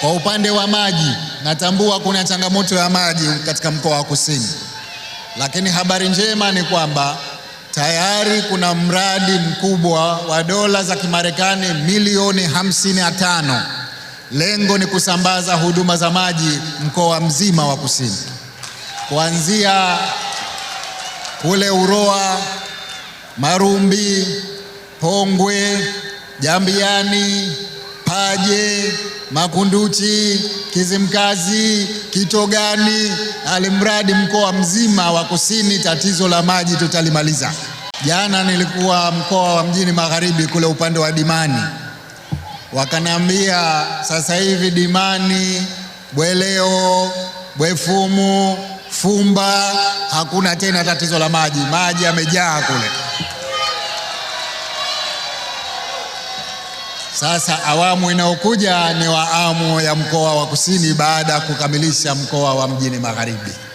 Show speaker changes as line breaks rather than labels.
Kwa upande wa maji, natambua kuna changamoto ya maji katika mkoa wa Kusini, lakini habari njema ni kwamba tayari kuna mradi mkubwa wa dola za Kimarekani milioni 55. Lengo ni kusambaza huduma za maji mkoa mzima wa Kusini, kuanzia kule Uroa, Marumbi, Pongwe, Jambiani, Paje Makunduchi, Kizimkazi, Kitogani, alimradi mkoa mzima wa kusini, tatizo la maji tutalimaliza. Jana nilikuwa mkoa wa mjini magharibi kule upande wa Dimani, wakaniambia sasa hivi Dimani, Bweleo, Bwefumu, Fumba hakuna tena tatizo la maji, maji yamejaa kule. Sasa awamu inayokuja ni waamu ya mkoa wa Kusini baada ya kukamilisha mkoa wa Mjini Magharibi.